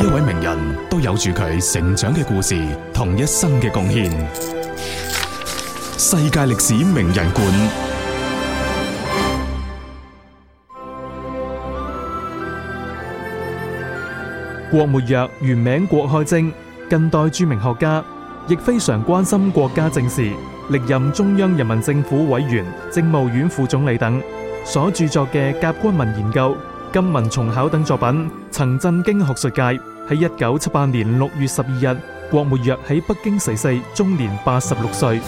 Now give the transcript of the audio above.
一位名人都有住佢成長嘅故事同一生嘅貢獻。世界歷史名人館。郭沫若原名郭開貞，近代著名學家，亦非常關心國家政事，歷任中央人民政府委員、政務院副總理等。所著作嘅《甲骨文研究》《金文重考》等作品，曾震驚學術界。喺一九七八年六月十二日，郭沫若喺北京逝世，終年八十六歲。